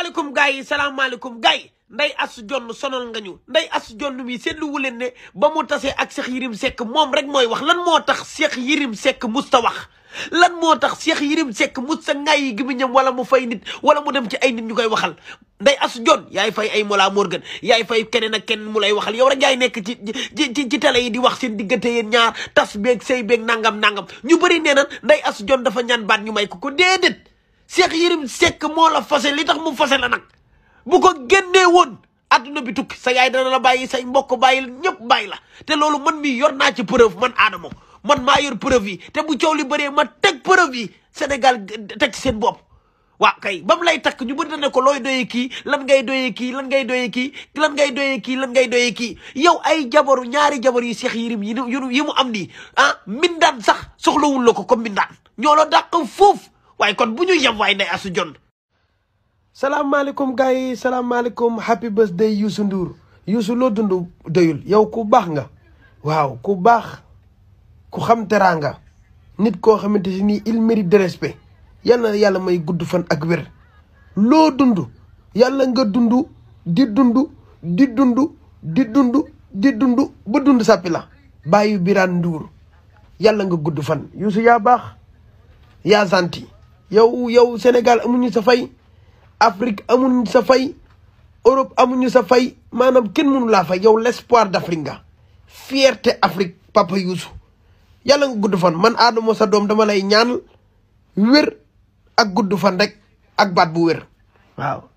salaamaaleykum gars yi salaamaaleykum gars yi nday as jonn sonal nga ñu nday as jonn mii seetlu wu leen ne ba mu tasee ak Cheikh Yérim sekk moom rek mooy wax lan moo tax Cheikh Yérim sekk mus ta wax lan moo tax Cheikh Yérim Seck mus sa ngaay yi gimiñam wala mu fay nit wala mu dem ci ay nit ñu koy waxal nday as jon yaay fay ay Mollah Morgun yaay fay keneen ak keneen mu lay waxal yow rek yaay nekk ci ci ci télé yi di wax seen diggate yen ñaar tas beeg sey beeg nangam nangam ñu bëri nee nan ndey as jon dafa ñaan baat ñu may ko ko déedéet Cheikh Yérim Seck moo la fase li tax mu fase la nag bu ko génnee woon adduna bi tukki sa yaay dana la bàyyi say mbokk bàyyi ñëpp bàyyi la te loolu man mi yor naa ci preuve man Adamo man maa yor preuve yi te bu coow li bëree ma teg preuve yi Sénégal teg ci seen bopp waaw kay ba lay takk ñu bëri na ne ko looy doyee kii lan ngay doyee kii lan ngay doye kii lan ngay doyee kii lan ngay doyee kii yow ay jabaru ñaari jabar yu Cheikh Yérim yi yi mu am nii ah mindaan sax soxlawul la ko comme mindaan ñoo la dàq foofu waaye kon bu ñu yem waay nday asu jon salaamaaleykum gars yi salaamaaleykum happy birthday Youssou Ndour Youssou loo dund doyul yow ku baax nga waaw ku baax ku xam teraanga nit koo xamante si nii il mérite de respect yàlla na may gudd fan ak wér loo dund yàlla nga dund di dund di dund di dund di dund ba dund sàppi la bàyyi Birane Ndour yàlla nga gudd fan Youssou yaa baax yaa santi yow yow Sénégal amuñu sa fay Afrique amuñu sa fay Europe amuñu sa fay maanaam kenn mënu laa fay yow l'espoir d'Afrique nga fierté Afrique Papa Youssou yalla nga gudd fan man Adamo sa doom dama lay ñaan wér ak gudd fan rekk ak baat bu wér. waaw